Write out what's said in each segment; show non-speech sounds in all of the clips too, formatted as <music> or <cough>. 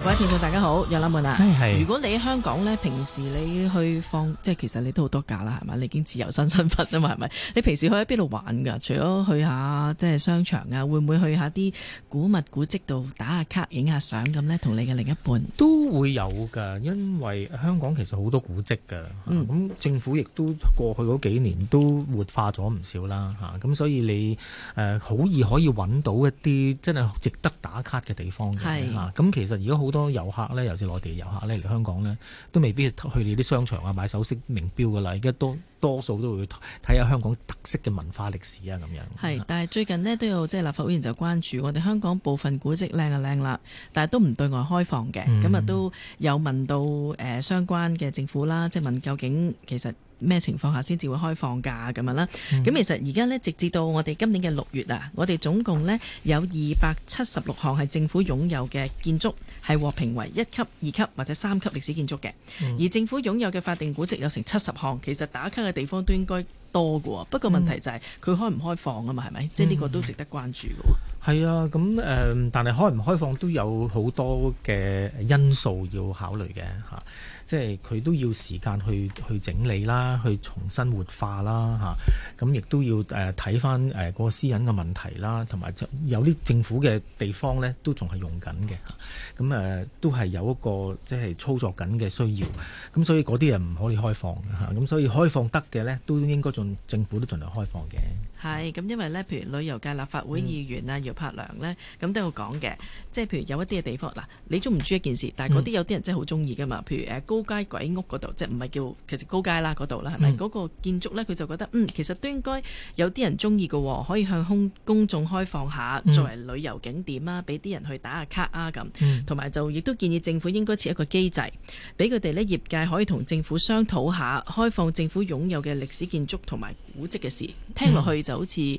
喂，各位聽眾大家好，有諗冇啊？如果你喺香港呢，平時你去放，即係其實你都好多假啦，係咪？你已經自由身身份啊嘛，係咪？你平時去喺邊度玩噶？除咗去下即係商場啊，會唔會去下啲古物古蹟度打下卡、影下相咁呢？同你嘅另一半都會有噶，因為香港其實好多古蹟噶。咁、嗯啊、政府亦都過去嗰幾年都活化咗唔少啦，吓、啊、咁所以你誒好、呃、易可以搵到一啲真係值得打卡嘅地方嘅。咁係、啊，其實而家好。好多遊客咧，尤其是內地嘅遊客咧嚟香港咧，都未必去你啲商場啊買首飾、名錶噶啦，而家都。多數都會睇下香港特色嘅文化歷史啊，咁樣。係，但係最近呢，都有即係立法會議員就關注我哋香港部分古蹟靚啊靚啦，但係都唔對外開放嘅。咁啊都有問到誒、呃、相關嘅政府啦，即係問究竟其實咩情況下先至會開放㗎咁樣啦。咁、嗯、其實而家呢，直至到我哋今年嘅六月啊，我哋總共呢，有二百七十六項係政府擁有嘅建築係獲評為一級、二級或者三級歷史建築嘅。嗯、而政府擁有嘅法定古蹟有成七十項，其實打卡地方都應該多嘅，不過問題就係佢開唔開放啊嘛，係咪、嗯？即係呢個都值得關注嘅喎。係、嗯、啊、咁、嗯、誒，但係開唔開放都有好多嘅因素要考慮嘅吓。啊即係佢都要時間去去整理啦，去重新活化啦嚇。咁、啊、亦都要誒睇翻誒個私隱嘅問題啦，同埋有啲政府嘅地方咧都仲係用緊嘅。咁、啊、誒、啊、都係有一個即係操作緊嘅需要。咁、啊、所以嗰啲人唔可以開放嚇。咁、啊、所以開放得嘅咧都應該盡政府都盡量開放嘅。係咁，因為咧譬如旅遊界立法會議員啊，嗯、姚柏良咧咁都有講嘅。即係譬如有一啲嘅地方嗱，你中唔中意一件事？但係嗰啲有啲人真係好中意㗎嘛。嗯、譬如誒高。高街鬼屋嗰度，即係唔係叫其實高街啦，嗰度啦係咪？嗰、嗯、個建築呢，佢就覺得嗯，其實都應該有啲人中意嘅，可以向公公眾開放下，作為旅遊景點啊，俾啲人去打下卡啊咁，同埋、嗯、就亦都建議政府應該設一個機制，俾佢哋呢業界可以同政府商討下開放政府擁有嘅歷史建築同埋古跡嘅事，聽落去就好似。嗯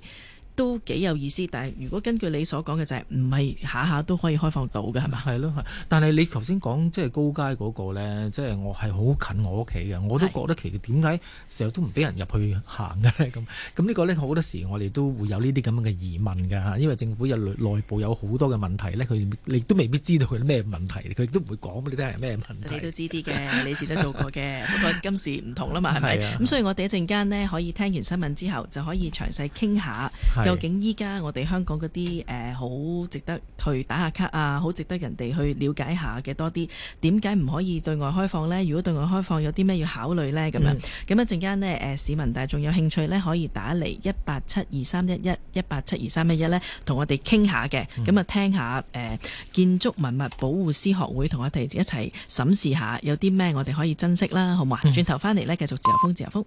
都幾有意思，但係如果根據你所講嘅就係唔係下下都可以開放到嘅係嘛？係咯，但係你頭先講即係高街嗰個咧，即係、那個、我係好近我屋企嘅，我都覺得其實點解成日都唔俾人入去行嘅咁？咁呢個呢，好多時我哋都會有呢啲咁嘅疑問㗎，因為政府有內部有好多嘅問題呢，佢你都未必知道佢咩問題，佢亦都唔會講俾你聽係咩問題。你都知啲嘅，你前都做過嘅， <laughs> 不過今時唔同啦嘛係咪？咁的所以我哋一陣間呢，可以聽完新聞之後就可以詳細傾下。究竟依家我哋香港嗰啲誒好值得去打下卡啊，好值得人哋去了解下嘅多啲，點解唔可以對外開放咧？如果對外開放有啲咩要考慮咧，咁、嗯、樣咁一陣間咧誒市民大眾有興趣咧，可以打嚟一八七二三一一一八七二三一一咧，同我哋傾下嘅，咁啊聽下誒建築文物保護師學會同我哋一齊審視下有啲咩我哋可以珍惜啦，好唔好？轉頭翻嚟咧，繼續自由風自由風。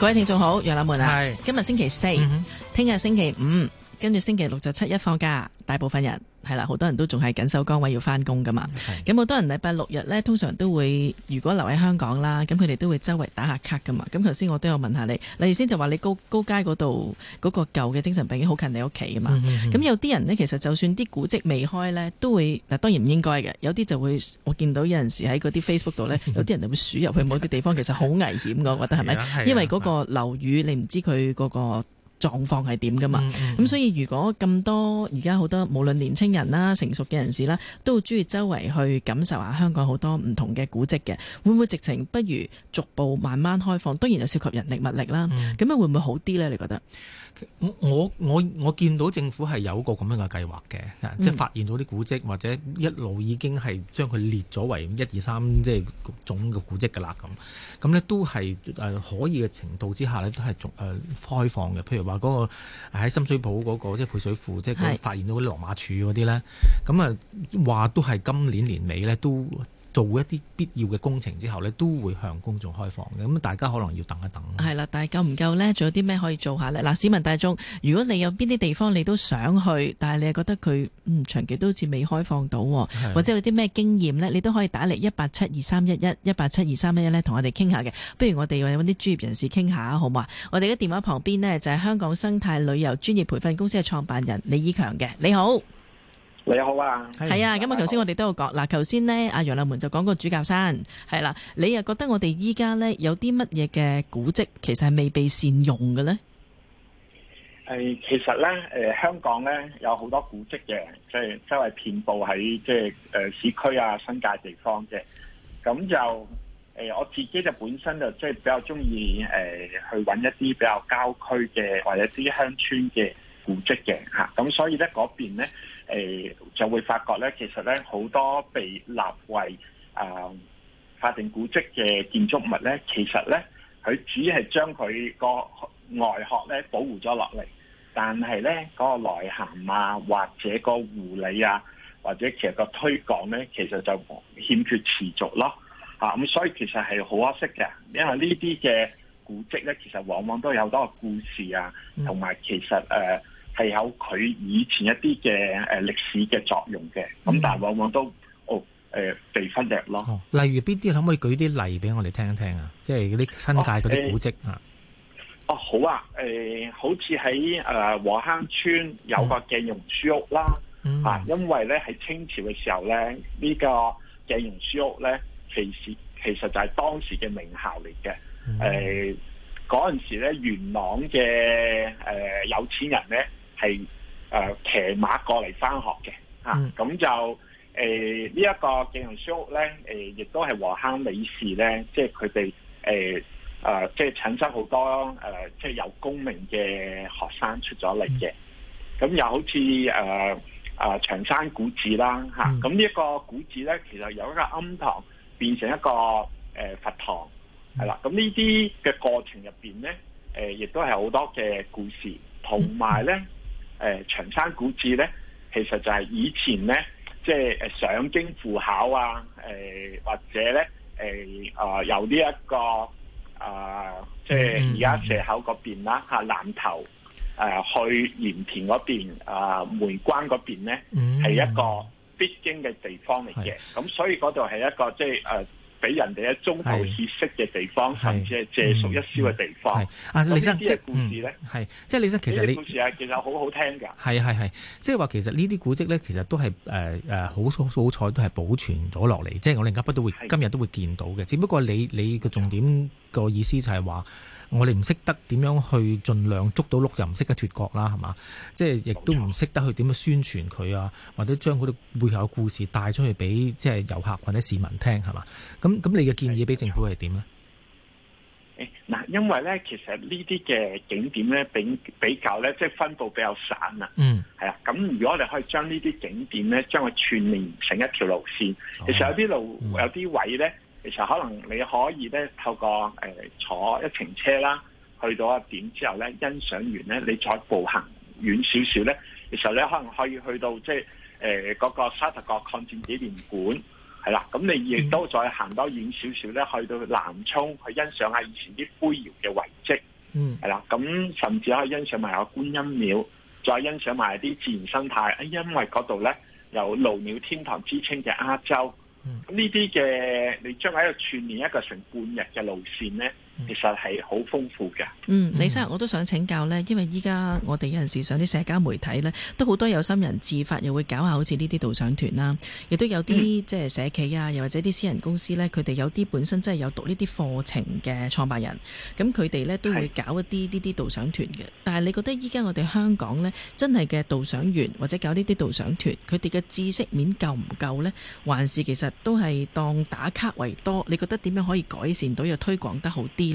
各位聽眾好，楊柳們啊，是今日星期四，聽日、嗯、哼星期五，跟住星期六就七一放假，大部分人。係啦，好多人都仲係緊守崗位要翻工噶嘛。咁好的多人禮拜六日咧，通常都會如果留喺香港啦，咁佢哋都會周圍打下卡噶嘛。咁頭先我都有問下你，例如先就話你高高街嗰度嗰個舊嘅精神病院好近你屋企㗎嘛。咁、嗯嗯、有啲人呢，其實就算啲古蹟未開咧，都會嗱當然唔應該嘅。有啲就會我見到有陣時喺嗰啲 Facebook 度咧，有啲人就會鼠入去某啲 <laughs> 地方，其實好危險㗎。我覺得係咪？ <laughs> 因為嗰個樓宇，嗯、你唔知佢嗰個。狀況係點㗎嘛？咁、嗯嗯、所以如果咁多而家好多無論年青人啦、成熟嘅人士啦，都會中意周圍去感受下香港好多唔同嘅古蹟嘅，會唔會直情不如逐步慢慢開放？當然有涉及人力物力啦，咁啊會唔會好啲呢？你覺得會會我？我我我見到政府係有個咁樣嘅計劃嘅，即係發現咗啲古蹟或者一路已經係將佢列咗為一二三即係種嘅古蹟㗎啦咁，咁咧都係誒可以嘅程度之下咧都係仲誒開放嘅，譬如話嗰個喺深水埗嗰個即係配水庫，即係佢發現到啲羅馬柱嗰啲咧，咁啊話都係今年年尾咧都。做一啲必要嘅工程之後呢，都會向公眾開放嘅。咁大家可能要等一等。係啦，但係夠唔夠呢？仲有啲咩可以做下呢？嗱，市民大眾，如果你有邊啲地方你都想去，但係你又覺得佢嗯長期都好似未開放到，的或者有啲咩經驗呢，你都可以打嚟一八七二三一一，一八七二三一一呢，同我哋傾下嘅。不如我哋搵啲專業人士傾下，好嘛？我哋嘅電話旁邊呢，就係香港生態旅遊專業培訓公司嘅創辦人李以強嘅。你好。你好啊，係啊，咁啊、嗯，頭先我哋都有講，嗱、嗯，頭先咧，阿楊立門就講過主教山，係啦、啊，你又覺得我哋依家咧有啲乜嘢嘅古蹟，其實係未被善用嘅咧？係、呃，其實咧，誒、呃，香港咧有好多古蹟嘅，即、就、係、是、周圍遍佈喺即係誒市區啊，新界的地方嘅，咁就誒、呃，我自己就本身就即係比較中意誒去搵一啲比較郊區嘅或者啲鄉村嘅。古蹟嘅嚇，咁所以咧，嗰邊咧，誒就會發覺咧，其實咧好多被立為啊法定古蹟嘅建築物咧，其實咧佢只係將佢個外殼咧保護咗落嚟，但係咧嗰個內涵啊，或者個護理啊，或者其實個推廣咧，其實就欠缺持續咯嚇，咁所以其實係好可惜嘅，因為呢啲嘅古蹟咧，其實往往都有多個故事啊，同埋其實誒。係有佢以前一啲嘅誒歷史嘅作用嘅，咁但係往往都哦誒、呃、被忽略咯、哦。例如邊啲可唔可以舉啲例俾我哋聽一聽啊？即係嗰啲新界嗰啲古蹟啊、哦呃？哦，好啊，誒、呃，好似喺誒禾坑村有個鏡蓉書屋啦，嗯、啊，因為咧喺清朝嘅時候咧，呢、這個鏡蓉書屋咧其實其實就係當時嘅名校嚟嘅，誒嗰陣時咧，元朗嘅誒、呃、有錢人咧。係誒騎馬過嚟返學嘅嚇，咁、嗯、就誒呢一個鏡蓉書屋咧，誒、呃、亦都係禾坑李氏咧，即係佢哋誒啊，即係產生好多誒即係有功名嘅學生出咗嚟嘅。咁、嗯、又好似誒啊長山古寺啦嚇，咁呢一個古寺咧，其實由一個庵堂變成一個誒、呃、佛堂係啦。咁呢啲嘅過程入邊咧，誒、呃、亦都係好多嘅故事，同埋咧。嗯誒、呃、長山古寺咧，其實就係以前咧，即係上京赴考啊，呃、或者咧誒啊由呢一、呃這個、呃嗯、啊，即係而家蛇口嗰邊啦嚇，南頭誒去鹽田嗰邊啊梅關嗰邊咧，係、嗯、一個必經嘅地方嚟嘅，咁的所以嗰度係一個即係誒。呃俾人哋一中途歇息嘅地方，是甚至係借宿一宵嘅地方。嗯、啊，李生，即係故事咧，係即係李生其實你故事啊，其實好好聽㗎。係係係，即係話其實呢啲古蹟咧，其實都係誒誒，好好彩都係保存咗落嚟，即係我哋而家都會是今日都會見到嘅。只不過你你個重點個意思就係話。我哋唔識得點樣去盡量捉到鹿，又唔識得脫角啦，係嘛？即係亦都唔識得去點樣宣傳佢啊，或者將佢哋背後嘅故事帶出去俾即係遊客或者市民聽，係嘛？咁咁，你嘅建議俾政府係點呢？誒嗱，因為咧，其實呢啲嘅景點咧，比比較咧，即係分佈比較散啊。嗯。係啊，咁如果我哋可以將呢啲景點咧，將佢串連成一條路線，哦、其實有啲路有啲位咧。其實可能你可以咧，透過誒、呃、坐一程車啦，去到一點之後咧，欣賞完咧，你再步行遠少少咧，其實咧可能可以去到即係誒嗰個沙頭角抗戰紀念館，係啦，咁你亦都再行多遠少少咧，去到南涌去欣賞下以前啲灰窯嘅遺跡，係啦，咁甚至可以欣賞埋個觀音廟，再欣賞埋啲自然生態，因為嗰度咧有鷺鳥天堂之稱嘅鴉洲。嗯，呢啲嘅，你將喺度串聯一個成半日嘅路線咧。其實係好豐富嘅。嗯，李生，我都想請教呢，因為依家我哋有陣時上啲社交媒體呢，都好多有心人自發又會搞下好似呢啲導賞團啦，亦都有啲即係社企啊，又或者啲私人公司呢，佢哋有啲本身真係有讀呢啲課程嘅創辦人，咁佢哋呢，都會搞一啲呢啲導賞團嘅。但係你覺得依家我哋香港呢，真係嘅導賞員或者搞呢啲導賞團，佢哋嘅知識面夠唔夠呢？還是其實都係當打卡為多？你覺得點樣可以改善到又推廣得好啲？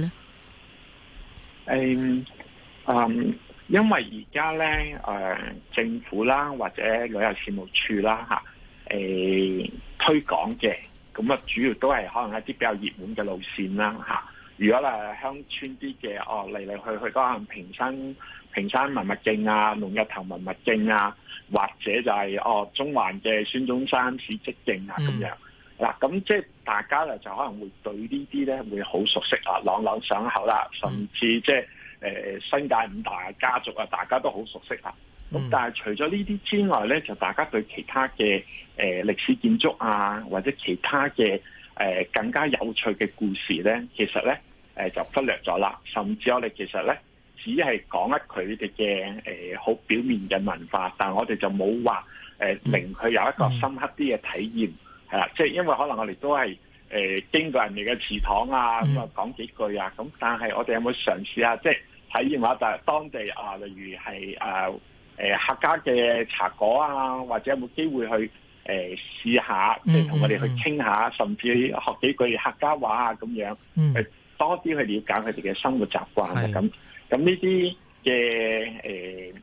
誒，因為而家咧，誒，政府啦或者旅遊事務處啦吓，誒，推廣嘅，咁啊，主要都係可能一啲比較熱門嘅路線啦吓。如果咧鄉村啲嘅，哦嚟嚟去去都係屏山、屏山文物徑啊，龍躍頭文物徑啊，或者就係哦中環嘅孫中山史蹟徑啊咁樣。嗱，咁即係大家咧就可能會對呢啲咧會好熟悉啊，朗朗上口啦，甚至即、係呃、新界五大家族啊，大家都好熟悉啦咁、嗯、但係除咗呢啲之外咧，就大家對其他嘅誒、呃、歷史建築啊，或者其他嘅誒、呃、更加有趣嘅故事咧，其實咧、呃、就忽略咗啦。甚至我哋其實咧只係講一佢哋嘅好表面嘅文化，但我哋就冇話誒令佢有一個深刻啲嘅體驗。係啦，即係因為可能我哋都係誒、呃、經過人哋嘅祠堂啊，咁啊講幾句啊，咁、嗯、但係我哋有冇嘗試下？即係體驗下就係當地啊，例如係誒誒客家嘅茶果啊，或者有冇機會去誒試、呃、下，即係同我哋去傾下，嗯嗯、甚至學幾句客家話啊，咁樣，誒、嗯、多啲去了解佢哋嘅生活習慣，咁咁呢啲嘅誒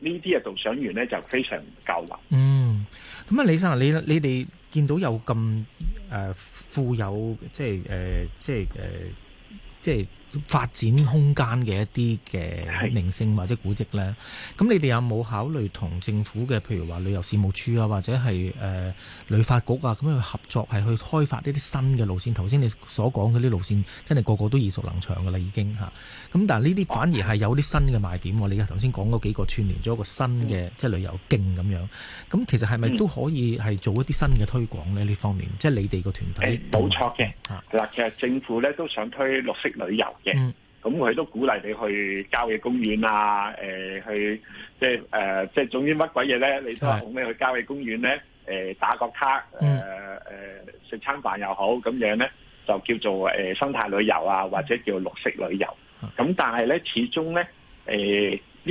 呢啲嘅導賞員咧就非常夠力。嗯，咁啊，李生你你哋。見到有咁誒、呃、富有，即係誒、呃，即係誒、呃，即係。發展空間嘅一啲嘅名勝或者古蹟呢，咁是你哋有冇考慮同政府嘅，譬如話旅遊事務處啊，或者係誒旅發局啊咁去合作，係去開發呢啲新嘅路線？頭先你所講嗰啲路線，真係個個都耳熟能詳㗎啦，已經嚇。咁但係呢啲反而係有啲新嘅賣點。嗯、你頭先講嗰幾個串連咗一個新嘅、嗯、即係旅遊徑咁樣。咁其實係咪都可以係做一啲新嘅推廣呢？呢、嗯、方面，即係你哋個團體冇、嗯、錯嘅。嗱是，其實政府呢都想推綠色旅遊。咁佢、嗯、都鼓勵你去郊野公園啊，呃、去即係即係總之乜鬼嘢咧，你都係好咩去郊野公園咧、呃，打個卡，食、呃、餐、呃、飯又好，咁樣咧就叫做、呃、生態旅遊啊，或者叫綠色旅遊。咁但係咧，始終咧，呢、呃、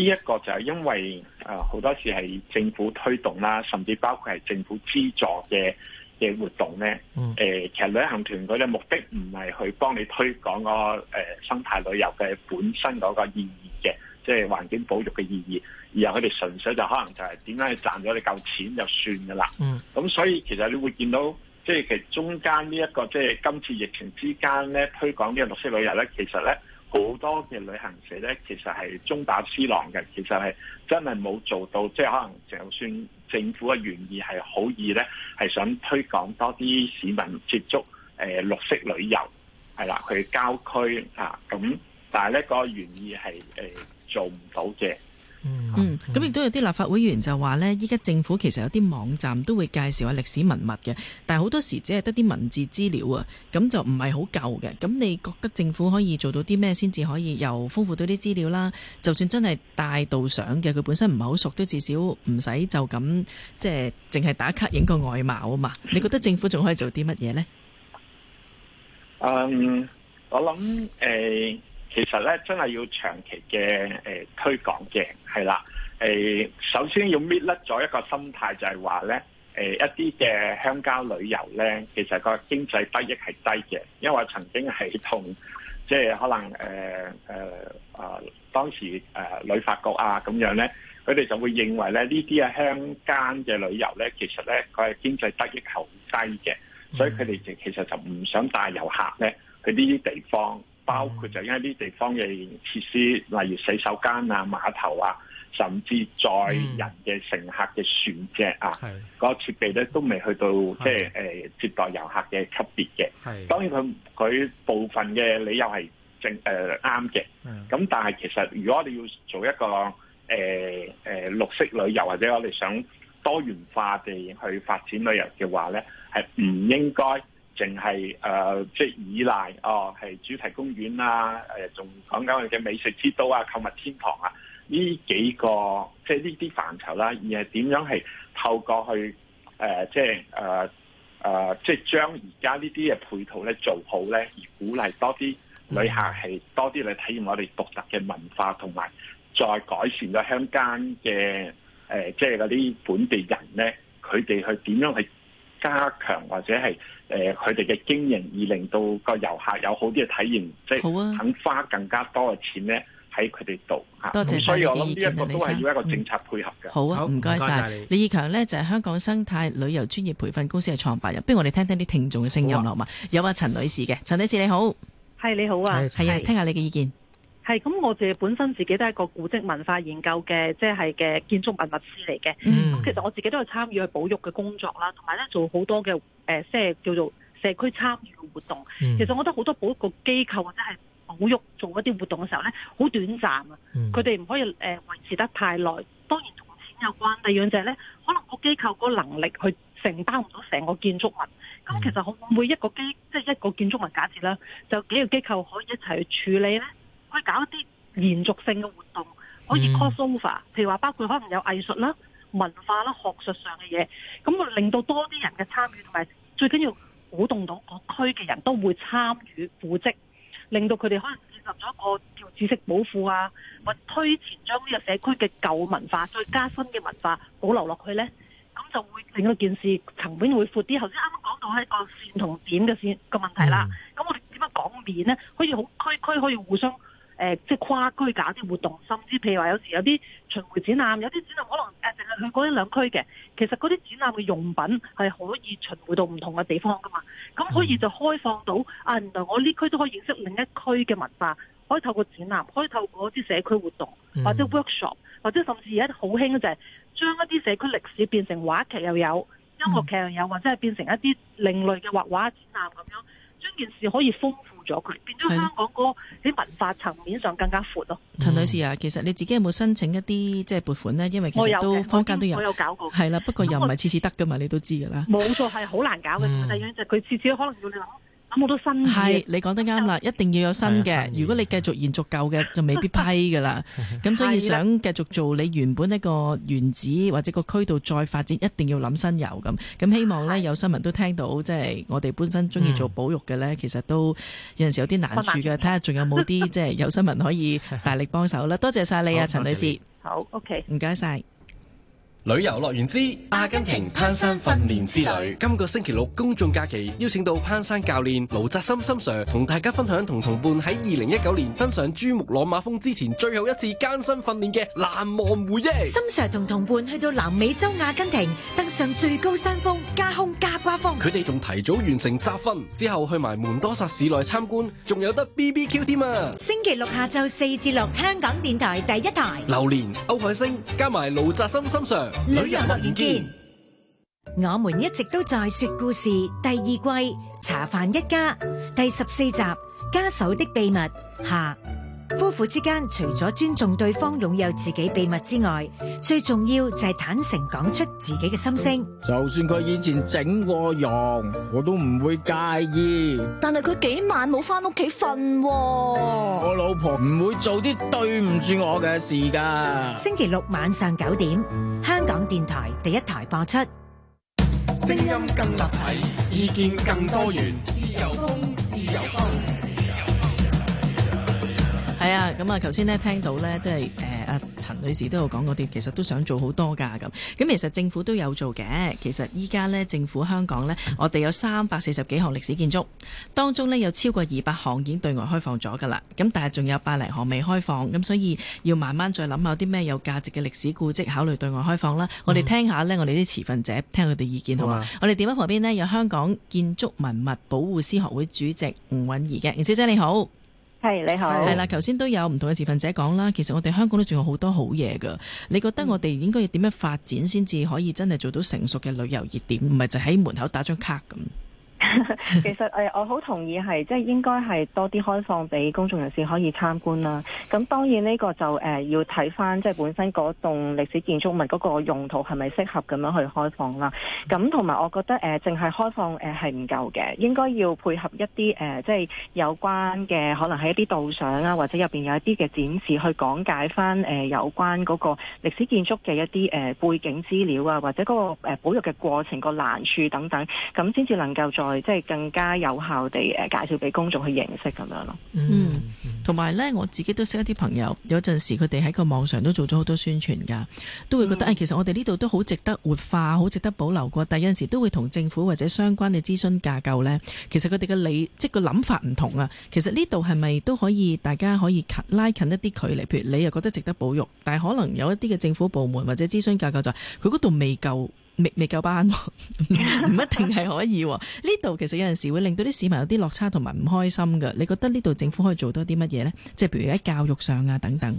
一、呢個就係因為好、呃、多時係政府推動啦，甚至包括係政府資助嘅嘅活動咧，誒、呃，其實旅行團佢嘅目的唔係去幫你推廣、那個誒、呃、生態旅遊嘅本身嗰個意義嘅，即、就、係、是、環境保育嘅意義，而係佢哋純粹就可能就係點解去賺咗你夠錢就算噶啦。咁、嗯、所以其實你會見到，即、就、係、是、其中間呢、這、一個即係、就是、今次疫情之間咧推廣呢個綠色旅遊咧，其實咧好多嘅旅行社咧，其實係中飽私囊嘅，其實係真係冇做到，即、就、係、是、可能就算。政府嘅原意係好易咧，係想推廣多啲市民接觸誒、呃、綠色旅遊，係啦，去郊區啊咁，但係咧、呢個原意係誒、呃、做唔到嘅。嗯，咁亦都有啲立法會議員就話呢，依家政府其實有啲網站都會介紹下歷史文物嘅，但係好多時只係得啲文字資料啊，咁就唔係好夠嘅。咁你覺得政府可以做到啲咩先至可以又豐富到啲資料啦？就算真係帶導賞嘅，佢本身唔係好熟，都至少唔使就咁即係淨係打卡影個外貌啊嘛。你覺得政府仲可以做啲乜嘢呢？嗯、um,，我諗誒。其實咧，真係要長期嘅推廣嘅，係啦。首先要搣甩咗一個心態，就係話咧，一啲嘅鄉郊旅遊咧，其實個經濟得益係低嘅，因為我曾經係同即係可能誒誒、呃呃、當時誒、呃呃呃、旅發局啊咁樣咧，佢哋就會認為咧，呢啲啊鄉間嘅旅遊咧，其實咧佢係經濟得益好低嘅，所以佢哋就其實就唔想帶遊客咧去呢啲地方。包括就因為啲地方嘅設施，例如洗手間啊、碼頭啊，甚至載人嘅乘客嘅船隻啊，嗰、嗯、個設備咧都未去到的即係誒、呃、接待遊客嘅級別嘅。係的，當然佢佢部分嘅理由係正誒啱嘅。咁、呃呃、的但係其實，如果我哋要做一個誒誒、呃呃、綠色旅遊，或者我哋想多元化地去發展旅遊嘅話咧，係唔應該。淨係誒，即係、即係、依賴哦，係主題公園啦、啊，誒，仲講緊我哋嘅美食之都啊、購物天堂啊，呢幾個即係呢啲範疇啦，而係點樣係透過去誒，即係誒誒，即、呃、係、即係、將而家呢啲嘅配套咧做好咧，而鼓勵多啲旅客係多啲嚟體驗我哋獨特嘅文化，同埋再改善咗鄉間嘅誒，即係嗰啲本地人咧，佢哋去點樣去加強或者係？誒佢哋嘅經營而令到個遊客有好啲嘅體驗，即係肯花更加多嘅錢呢喺佢哋度。多謝，啊、所以我諗呢一個都係要一個政策配合嘅。好啊，唔該晒。李以強呢就係香港生態旅遊專業培訓公司嘅創辦人。不如我哋聽聽啲聽、聽眾嘅聲音啦嘛。好啊，有啊，陳女士嘅，陳女士你好，係你好啊，係啊，聽下你嘅意見。係咁，是我自己本身自己都係一個古蹟文化研究嘅，即係嘅建築文物師嚟嘅。咁、mm. 其實我自己都有參與去保育嘅工作啦，同埋咧做好多嘅誒，即、呃、係叫做社區參與嘅活動。Mm. 其實我覺得好多保育個機構或者係保育做一啲活動嘅時候咧，好短暫啊。佢哋唔可以誒維、呃、持得太耐。當然同錢有關，第二樣就係咧，可能個機構個能力去承擔唔到成個建築物。咁、mm. 其實好每一個機即係一個建築物假設啦，就幾個機構可以一齊去處理咧？可以搞一啲連續性嘅活動，可以 call over，譬、嗯、如話包括可能有藝術啦、文化啦、學術上嘅嘢，咁啊令到多啲人嘅參與，同埋最緊要鼓動到各區嘅人都會參與組織，令到佢哋可能建立咗一個叫知識寶庫啊，或推前將呢個社區嘅舊文化再加新嘅文化保留落去呢，咁就會令到件事層面會闊啲。頭先啱啱講到係一個線同點嘅線嘅問題啦，咁、嗯、我哋點樣講面呢？可以好區區可以互相。誒，即係跨區搞啲活動，甚至譬如話，有時有啲巡迴展覽，有啲展覽可能誒，淨係去嗰一兩區嘅，其實嗰啲展覽嘅用品係可以巡迴到唔同嘅地方噶嘛，咁可以就開放到、嗯、啊，原來我呢區都可以認識另一區嘅文化，可以透過展覽，可以透過啲社區活動，嗯、或者 workshop，或者甚至而家好興就係將一啲社區歷史變成話劇又有，音樂劇又有，或者係變成一啲另類嘅畫畫展覽咁樣，將件事可以豐咗佢，變咗香港個喺文化層面上更加闊咯。嗯、陳女士啊，其實你自己有冇申請一啲即係撥款咧？因為其實都坊間都有，我有搞過的，係啦，不過又唔係次次得噶嘛，我你都知噶啦。冇錯，係好難搞嘅。第二樣就係佢次次可能要你攞。冇多新嘅，係你講得啱啦，一定要有新嘅。如果你繼續延續舊嘅，就未必批㗎啦。咁所以想繼續做你原本一個原址或者個區度再發展，一定要諗新遊咁。咁希望呢，有新聞都聽到，即係我哋本身鍾意做保育嘅呢，其實都有陣時有啲難處嘅。睇下仲有冇啲即係有新聞可以大力幫手啦。多謝晒你啊，陳女士。好，OK，唔該晒。旅遊樂園之阿根廷攀山訓練之旅，之旅今個星期六公眾假期，邀請到攀山教練盧澤森森 Sir 同大家分享同同伴喺二零一九年登上珠穆朗瑪峰之前最後一次艱辛訓練嘅難忘回憶。森 Sir 同同伴去到南美洲阿根廷登上最高山峰加空加瓜峰，佢哋仲提早完成集訓之後去埋門多薩市內參觀，仲有得 BBQ 添啊。星期六下晝四至六，香港電台第一台，榴蓮、歐海星加埋盧澤森森 Sir。旅遊樂然見，我們一直都在說故事第二季茶飯一家第十四集家嫂的秘密下，夫婦之間除咗尊重對方擁有自己秘密之外，最重要就係坦誠講出自己嘅心聲。就算佢以前整過容，我都唔會介意。但係佢幾晚冇返屋企瞓喎。我老婆唔會做啲對唔住我嘅事㗎。星期六晚上九點。香港電台第一台播出，聲音更立體，意見更多元，自由風。係啊，咁啊，頭先呢聽到呢，都係誒阿陳女士都有講嗰啲，其實都想做好多噶咁。咁其實政府都有做嘅。其實依家呢，政府香港呢，我哋有三百四十幾項歷史建築，當中呢，有超過二百項已經對外開放咗噶啦。咁但係仲有百零項未開放，咁所以要慢慢再諗下啲咩有價值嘅歷史古蹟，考慮對外開放啦。我哋聽下呢，我哋啲持份者聽下佢哋意見好嘛？啊。我哋電話旁邊呢，有香港建築文物保護師學會主席吳韻怡嘅，吳小姐你好。係你好，係啦，頭先都有唔同嘅持份者講啦。其實我哋香港都仲有好多好嘢噶。你覺得我哋應該要點樣發展先至可以真係做到成熟嘅旅遊熱點，唔係就喺門口打張卡咁？ <laughs> 其實誒，我好同意係，即係應該係多啲開放俾公眾人士可以參觀啦。咁當然呢個就誒、呃、要睇翻，即係本身嗰棟歷史建築物嗰個用途係咪適合咁樣去開放啦。咁同埋，我覺得誒淨係開放誒係唔夠嘅，應該要配合一啲誒、呃、即係有關嘅可能喺一啲導賞啊，或者入邊有一啲嘅展示去講解翻誒、呃、有關嗰個歷史建築嘅一啲誒、呃、背景資料啊，或者嗰個誒保育嘅過程、嗰個難處等等，咁先至能夠再。即係更加有效地介紹俾公眾去認識咁樣咯。嗯，同埋呢，我自己都識一啲朋友，有陣時佢哋喺個網上都做咗好多宣傳㗎，都會覺得誒，嗯、其實我哋呢度都好值得活化，好值得保留過。但有陣時都會同政府或者相關嘅諮詢架構呢，其實佢哋嘅理即係個諗法唔同啊。其實呢度係咪都可以大家可以近拉近一啲距離？譬如你又覺得值得保育，但可能有一啲嘅政府部門或者諮詢架構就，佢嗰度未夠。未未夠班，唔 <laughs> 一定係可以。呢度 <laughs> 其實有陣時會令到啲市民有啲落差同埋唔開心嘅。你覺得呢度政府可以做多啲乜嘢呢？即係譬如喺教育上啊等等。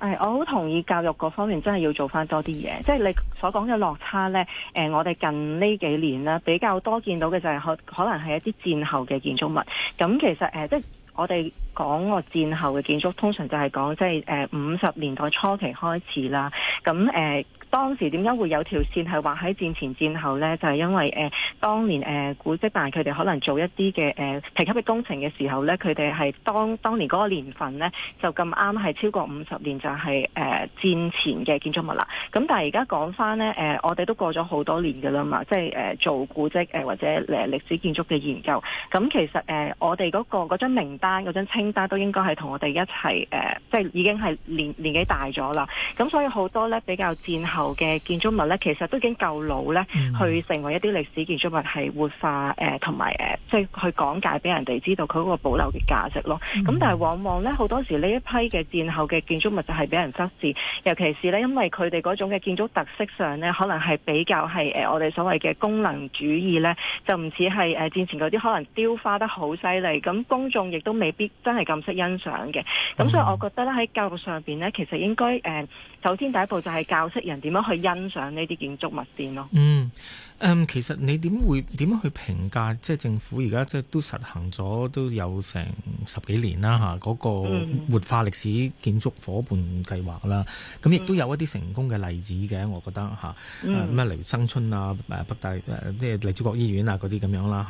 誒，我好同意教育嗰方面真係要做翻多啲嘢。即係你所講嘅落差呢，誒，我哋近呢幾年啦，比較多見到嘅就係可可能係一啲戰後嘅建築物。咁其實誒，即係我哋講個戰後嘅建築，通常就係講即係誒五十年代初期開始啦。咁誒。呃當時點解會有條線係劃喺戰前戰後呢？就係、是、因為誒、呃，當年誒、呃、古蹟辦佢哋可能做一啲嘅誒提級嘅工程嘅時候呢，佢哋係當當年嗰個年份呢，就咁啱係超過五十年就係、是、誒、呃、戰前嘅建築物啦。咁但係而家講翻呢，誒、呃，我哋都過咗好多年噶啦嘛，即係誒、呃、做古蹟、呃、或者歷歷史建築嘅研究。咁其實誒、呃、我哋嗰、那個嗰張名單嗰張清單都應該係同我哋一齊誒、呃，即係已經係年年紀大咗啦。咁所以好多呢，比較戰後。嘅建築物呢，其實都已經夠老呢，嗯、去成為一啲歷史建築物係活化誒，同埋誒，即係、呃、去講解俾人哋知道佢嗰個保留嘅價值咯。咁、嗯、但係往往呢，好多時呢一批嘅戰後嘅建築物就係俾人忽視，尤其是呢，因為佢哋嗰種嘅建築特色上呢，可能係比較係誒、呃、我哋所謂嘅功能主義呢，就唔似係誒戰前嗰啲可能雕花得好犀利，咁公眾亦都未必真係咁識欣賞嘅。咁所以我覺得咧喺教育上面呢，其實應該誒、呃，首先第一步就係教識人哋。點樣去欣賞呢啲建築物先咯、哦？嗯，誒，其實你點會點樣去評價？即、就、係、是、政府而家即係都實行咗，都有成十幾年啦吓，嗰、那個活化歷史建築伙伴計劃啦，咁亦都有一啲成功嘅例子嘅。我覺得吓，咁、嗯啊、例如生春啊，誒，北大誒，即係荔枝角醫院啊，嗰啲咁樣啦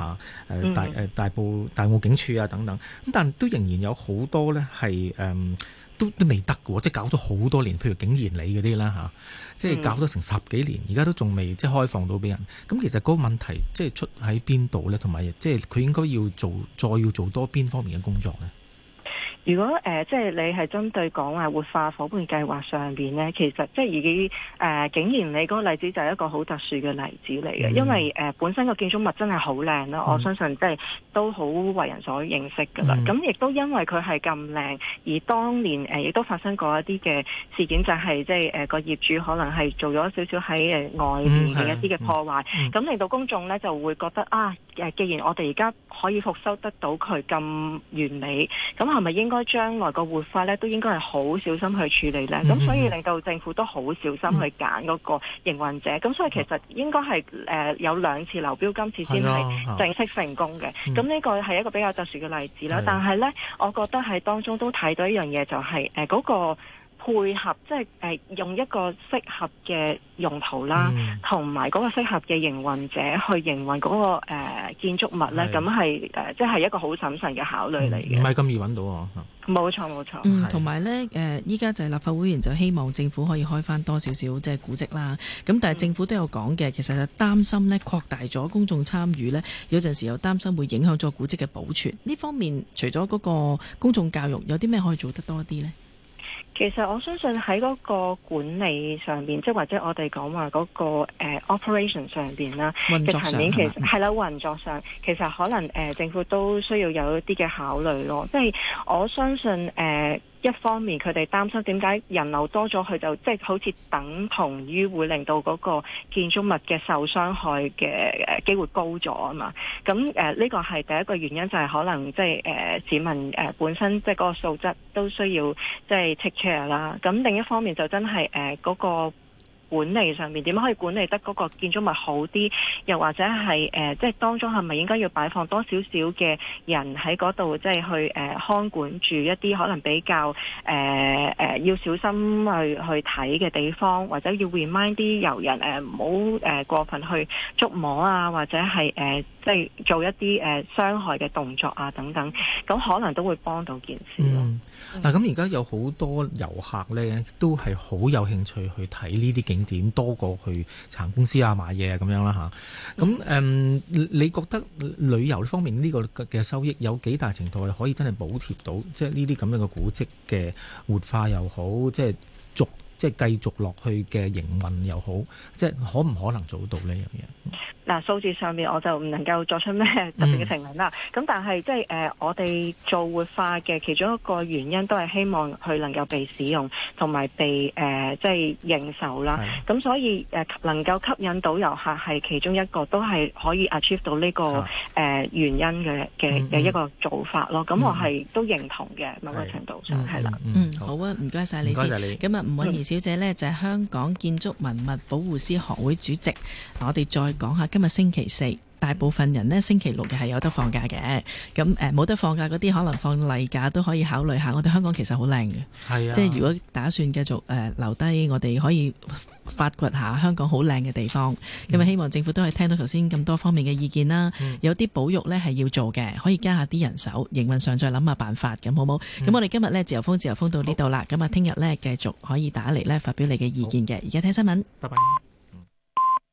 吓，誒、啊，大誒，嗯、大埔大澳警署啊等等。咁但都仍然有好多咧係誒。嗯都都未得㗎喎，即係搞咗好多年，譬如景賢里嗰啲啦吓，即係搞咗成十幾年，而家都仲未即係開放到俾人。咁其實嗰個問題即係出喺邊度呢？同埋即係佢應該要做再要做多邊方面嘅工作呢？如果誒、呃、即係你係針對講話活化伙伴計劃上邊咧，其實即係已經誒、呃、竟然你嗰個例子就係一個好特殊嘅例子嚟嘅。嗯、因為誒、呃、本身個建築物真係好靚啦，嗯、我相信即係都好為人所認識噶啦。咁亦都因為佢係咁靚，而當年誒亦、呃、都發生過一啲嘅事件、就是，就係即係誒個業主可能係做咗少少喺誒外面嘅一啲嘅破壞，咁、嗯嗯、令到公眾咧就會覺得啊誒既然我哋而家可以復修得到佢咁完美，咁係咪應？應該將來個活化咧，都應該係好小心去處理咧。咁、嗯、所以令到政府都好小心去揀嗰個營運者。咁、嗯、所以其實應該係誒、嗯呃、有兩次流標，今次先係正式成功嘅。咁呢、嗯、個係一個比較特殊嘅例子啦。嗯、但係咧，我覺得喺當中都睇到一樣嘢、就是，就係誒嗰個。配合即係誒用一個適合嘅用途啦，同埋嗰個適合嘅營運者去營運嗰個誒建築物咧，咁係誒即係一個好審慎嘅考慮嚟嘅。唔係咁易揾到啊！冇錯冇錯，嗯，同埋咧誒，依家就係立法會議員就希望政府可以開翻多少少即係古蹟啦。咁但係政府都有講嘅，其實係擔心咧擴大咗公眾參與咧，有陣時又擔心會影響咗古蹟嘅保存。呢方面除咗嗰個公眾教育，有啲咩可以做得多啲咧？其實我相信喺嗰個管理上邊，即係或者我哋講話嗰個誒、呃、operation 上邊啦嘅層面，其實係啦運作上，其實可能誒、呃、政府都需要有一啲嘅考慮咯。即係我相信誒。呃一方面佢哋擔心點解人流多咗佢就即係好似等同於會令到嗰個建築物嘅受傷害嘅機會高咗啊嘛，咁誒呢個係第一個原因就係、是、可能即係誒市民誒、呃、本身即係嗰個素質都需要即係 take care 啊啦，咁另一方面就真係誒嗰個。管理上面，點樣可以管理得嗰個建築物好啲？又或者係即係當中係咪應該要擺放多少少嘅人喺嗰度，即係去誒看管住一啲可能比較誒誒要小心去去睇嘅地方，或者要 remind 啲遊人誒唔好誒過分去觸摸啊，或者係誒即係做一啲誒傷害嘅動作啊等等，咁可能都會幫到件事咯。嗯嗱，咁而家有好多遊客咧，都係好有興趣去睇呢啲景點，多過去行公司啊、買嘢啊咁樣啦嚇。咁誒、嗯嗯，你覺得旅遊方面呢個嘅收益有幾大程度係可以真係補貼到，即係呢啲咁樣嘅古蹟嘅活化又好，即係續即係繼續落去嘅營運又好，即係可唔可能做到呢樣嘢？嗱、嗯，數字上面我就唔能夠作出咩特別嘅評論啦。咁、嗯、但係即係誒，我哋做活化嘅其中一個原因，都係希望佢能夠被使用和被，同埋被誒即係認受啦。咁、啊嗯、所以誒能夠吸引到遊客係其中一個都係可以 achieve 到呢個誒原因嘅嘅嘅一個做法咯。咁、啊嗯嗯、我係都認同嘅某個程度上係啦。嗯，好、嗯嗯、啊，唔該晒你先。咁啊，唔好意思。嗯嗯小姐呢就係香港建築文物保護師學會主席，我哋再講下今日星期四。大部分人呢星期六日係有得放假嘅，咁、呃、冇得放假嗰啲可能放例假都可以考慮下。我哋香港其實好靚嘅，是啊、即係如果打算繼續、呃、留低，我哋可以發掘下香港好靚嘅地方。咁啊，希望政府都可以聽到頭先咁多方面嘅意見啦。有啲保育呢係要做嘅，可以加下啲人手，營運上再諗下辦法咁好冇？咁我哋今日呢自由風自由風到呢度啦。咁啊好，聽日呢，繼續可以打嚟呢發表你嘅意見嘅。而家好聽新聞，拜拜。